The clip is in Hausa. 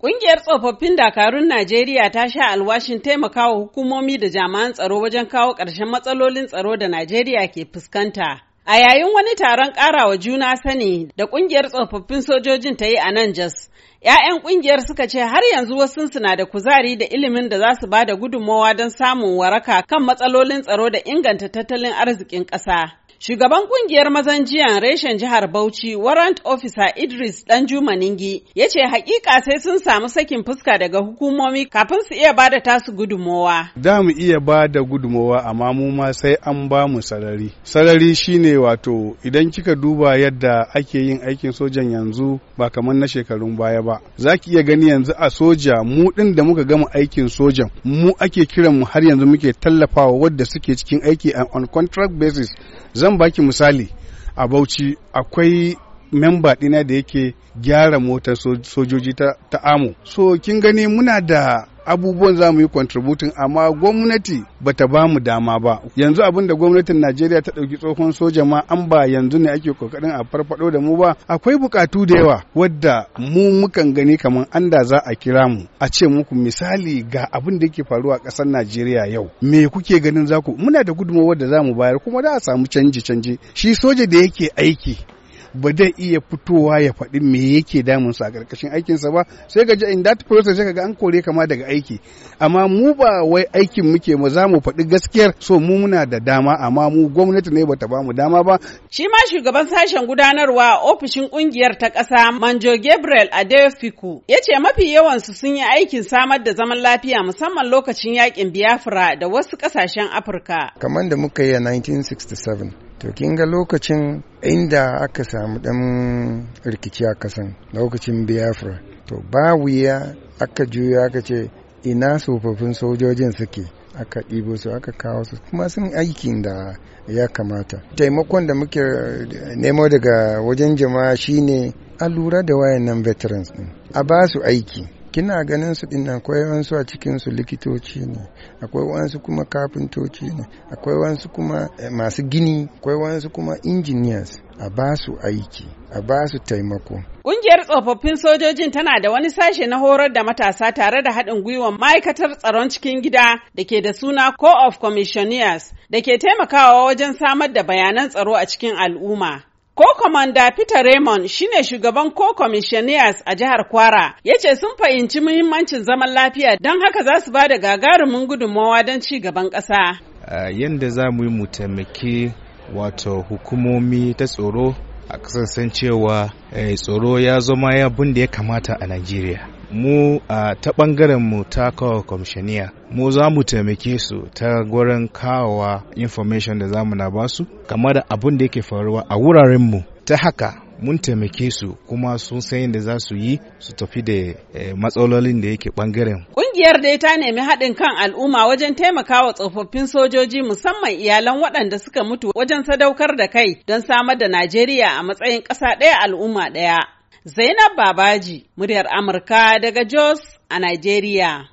Ƙungiyar tsofaffin dakarun Najeriya ta sha alwashin taimakawa hukumomi da jami'an tsaro wajen kawo ƙarshen matsalolin tsaro da Najeriya ke fuskanta. A yayin wani taron ƙarawa juna sani da ƙungiyar tsofaffin sojojin ta yi a nan Jos, ‘ya'yan ƙungiyar suka ce har yanzu wasu suna da kuzari da ilimin da za su ba da gudunmowa don samun waraka kan matsalolin tsaro da inganta tattalin arzikin ƙasa. Shugaban kungiyar mazan jiyan reshen jihar Bauchi, Warrant Officer Idris Danjuma Ningi, ya ce hakika sai sun samu sakin fuska daga hukumomi kafin su iya bada tasu gudumowa Za mu iya ba da amma mu ma sai an ba mu sarari. Sarari shine wato idan kika duba yadda ake yin aikin sojan yanzu ba kamar na shekarun baya ba za ki iya gani yanzu a soja mu ɗin da muka gama aikin sojan mu ake kiran mu har yanzu muke tallafawa wadda suke cikin aiki on contract basis zan baki misali a Bauchi akwai memba ɗina da yake gyara motar sojoji ta, Amu. so kin gani muna da abubuwan za mu yi contributing amma gwamnati bata ba mu dama ba yanzu abin da gwamnatin Najeriya ta ɗauki tsohon soja ma an ba yanzu ne ake kokarin a farfado da mu ba akwai bukatu da yawa wadda mu mukan gani kamar an da za a kira mu a ce muku misali ga abin da yake faruwa a ƙasar Najeriya yau me kuke ganin za ku muna da gudunmawar da za mu bayar kuma da a samu canji-canji shi soja da yake aiki ba zai iya fitowa ya faɗi me yake sa a ƙarƙashin aikinsa ba sai ga in that process sai ga an kore kama daga aiki amma mu ba wai aikin muke mu za mu faɗi gaskiyar so mu muna da dama amma mu gwamnati ne bata ba mu dama ba shi ma shugaban sashen gudanarwa ofishin kungiyar ta ƙasa Manjo Gabriel Adefiku ya ce mafi yawansu sun yi aikin samar da zaman lafiya musamman lokacin yakin Biafra da wasu ƙasashen Afirka kamar da muka yi a 1967 to kinga lokacin inda aka samu dan rikici a kasan lokacin biafra to ba wuya aka juya aka ce ina tsofaffin sojojin suke aka ɗibo su aka kawo su kuma sun aikin da ya kamata taimakon da muke nemo daga wajen jama'a shine a lura da wayannan veterans din a ba su aiki kina ganin su din akwai wansu a cikin su likitoci ne akwai wansu kuma kafintoci ne akwai wansu kuma eh, masu gini akwai wansu kuma engineers a ba su aiki a ba su taimako Ƙungiyar tsofaffin sojojin tana da wani sashe na horar da matasa tare da haɗin gwiwa ma'aikatar tsaron cikin gida da ke da suna Co of Commissioners da ke taimakawa wajen samar da bayanan tsaro a cikin al'umma. Ko Komanda Peter Raymond shine shugaban ko commissioners a jihar Kwara ya ce sun fahimci muhimmancin zaman lafiya don haka za su ba da gagarumin gudunmawa don ci gaban ƙasa. Yadda za mu yi mu wato hukumomi ta tsoro a kasan cewa eh, tsoro ya zama ya da ya kamata a Najeriya. mu a ta ɓangaren mu ta kawo kwamishaniya mu za mu taimake su ta gurin kawowa information da za mu na su kamar da abin da yake faruwa a wuraren mu ta haka mun taimake su kuma sun san yadda za su yi su tafi da e, matsalolin da yake bangaren. Kungiyar dai ta nemi haɗin kan al'umma wajen taimakawa tsofaffin sojoji musamman iyalan waɗanda suka mutu wajen sadaukar da kai don samar da Najeriya a matsayin ƙasa ɗaya al'umma ɗaya. Zainab Babaji, muryar Amurka daga Jos a Nigeria.